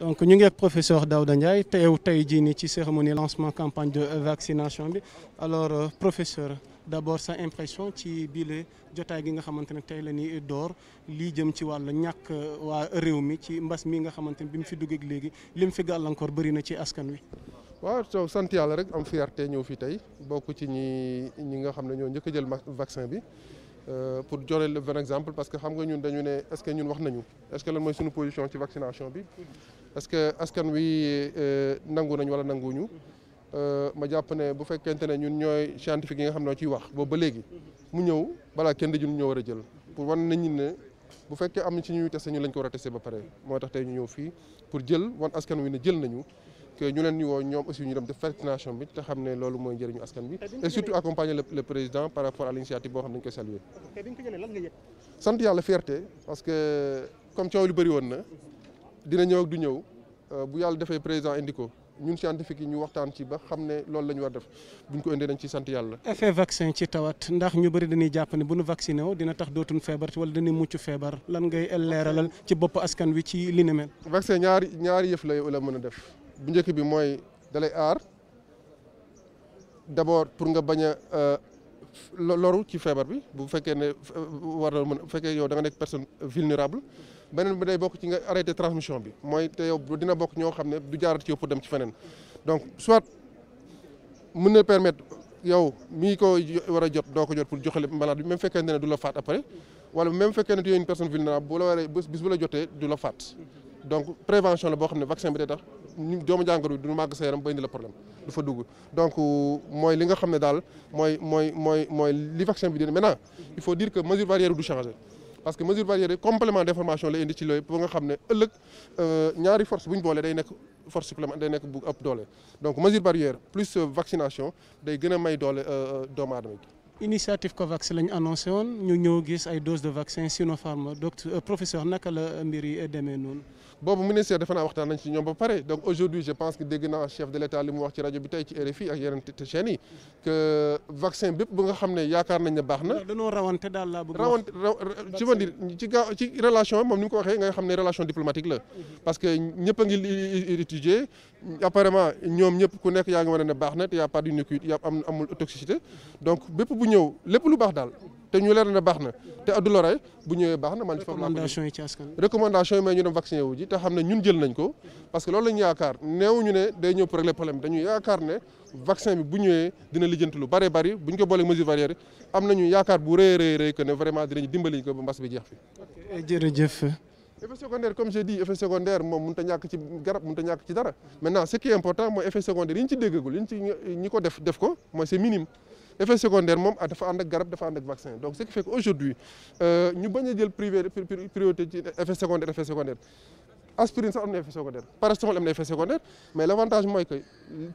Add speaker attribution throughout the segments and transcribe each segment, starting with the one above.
Speaker 1: donc ñu ngi ak professeur Daouda Ndiaye teew tey jii nii ci cérémonie lancement campagne de vaccination bi alors euh, professeur d'abord sa impression ci bile jotaay gi nga xamante ne tey la ñuy door lii jëm ci wàllu ñàkk euh, waa réew mi ci mbas mi nga xamante ne bi mu fi duggeek léegi li mu fi gàllankoor bëri na ci askan wi. waaw soo sant yàlla rek am fierté ñëw fi tey bokk ci ñi ñi nga xam ne ñoo njëkk a jël
Speaker 2: vaccin bi. Euh, pour joxe le bon exemple parce que xam nga ñun dañu ne est-ce que ñun wax nañu est-ce que lan mooy suñu position ci vaccination bi est-ce que askan wi euh, nangu nañ wala nanguñu euh, ma jàpp ne bu fekkente ne ñun ñooy scientifique yi nga xam ne ciy wax boobu ba léegi mu ñëw balaa kenn di ñun ñoo war a jël pour wan nañu ne bu fekkee am na ci ñuy testé ñu lañ ko war a testé ba pare moo tax tey ñu ñëw fii pour jël wan askan wi ne jël nañu. que ñu leen di woo ñoom aussi ñu dem def vaccination bi te xam ne loolu mooy njëriñu askan bi et surtout accompagner le président par rapport à l'initiative boo xam
Speaker 1: ne
Speaker 2: sant yàlla fierté parce que comme coow lu bëri woon na dina ñëw du ñëw euh, bu yàlla defee président indi ko ñun scientifique yi ñu waxtaan ci ba xam ne loolu lañu war def buñ ko indee nañ ci sant yàlla. effet
Speaker 1: vaccin ci tawat ndax ñu bëri dañuy jàpp ne bu nu vacciné woo dina tax dootuñ feebar wala dañuy mucc feebar lan ngay leeralal ci bopp askan wi ci li ni mel.
Speaker 2: vaccin ñaari ñaari yëf la la mën a def. bu
Speaker 1: njëkk bi mooy dalay
Speaker 2: aar d'abord pour nga bañ a euh, loru ci feebar bi bu fekkee ne euh, war na mën bu fekkee yow da nga nekk personne vulnérable beneen bi day bokk ci nga arrêté transmission bi mooy te yow dina bokk ñoo xam ne du jaarat ci yow pour dem ci feneen donc soit mën na permettre yow mii ko war a jot doo ko jot pour joxale malade bi même fekkee ne du la faat après wala même fekkee ne tu es person personne vulnérable bu la waree bés bis bu la jotee du la faat donc prévention la boo xam ne vaccin bi day tax ñu doomu jàngoro bi du màgg sa yaram ba indi la problème du fa dugg donc euh, mooy li nga xam ne daal mooy mooy mooy mooy li vaccin bi dina maintenant il faut dire que mesure barrière du changer parce que mesure barrière yi complément d' la indi ci loolu ba nga xam ne ëllëg euh, ñaari force bu ñu boolee day nekk force supplément day nekk bu ëpp doole donc mesure barrière plus vaccination day gën a may doole euh, doomu aadama
Speaker 1: initiative COVAX lañ annoncé woon ñu ñëw gis ay dose de vaccin Sinopharm docteur euh, professeur naka la mbir yi demee noonu. boobu ministère defe naa waxtaan nañ ci ñoom ba pare donc aujourd'hui je pense que dégg naa chef de l'État li
Speaker 2: mu wax ci rajo bi tey ci RFI ak yeneen chaînes yi que vaccin bépp nga xam ne yaakaar nañ ne baax na. dañoo rawante daal laa bëgg rawante ci ma dire ci gaaw ni mu waxee nga xam ne relation diplomatique la. Mhm. parce que ñëpp a ngi étudier apparemment ñoom ñëpp ku nekk yaa ngi wane ne baax na te y a pas d'unique y a amul mhm. donc bépp ñëw lépp lu baax daal te ñu leer baax na te addu bu ñëwee baax na man ci foofu laa recommandation yi ci askan recommandation yi may ñu dem vacciné wu ji te xam ne ñun jël nañ ko parce que loolu lañu yaakaar neew ñu ne day ñëw pour régler problème dañu yaakaar ne vaccin bi bu ñëwee dina lijjanti lu bari bu ñu ko booleeg mesure barrière am nañu yaakaar bu rëy rëy rëy ne vraiment dinañu dimbali ko ba mbas bi jeex fi
Speaker 1: jërëjëf effet
Speaker 2: secondaire comme j'ai dit secondaire moom mënut a ñàkk ci secondaire yi efe secondaire moom ah dafa ànd ak garab dafa ànd ak vaccin donc ce qui fait aujourd'hui euh, ñu bañ a jël privé priorité ci secondaire effet secondaire aspirine sax am na effet secondaire paracétamol am na effet secondaire mais l' avantage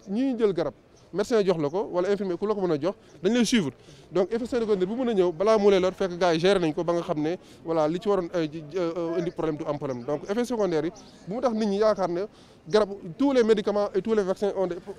Speaker 2: ñi jël garab médecin jox la ko wala ku la ko mën jox dañ lay suivre donc effet secondaire bu mën a ñëw balaa mu lay fekk gars yi nañ ko ba xam ne voilà li ci waroon euh, euh, indi problème du am problème donc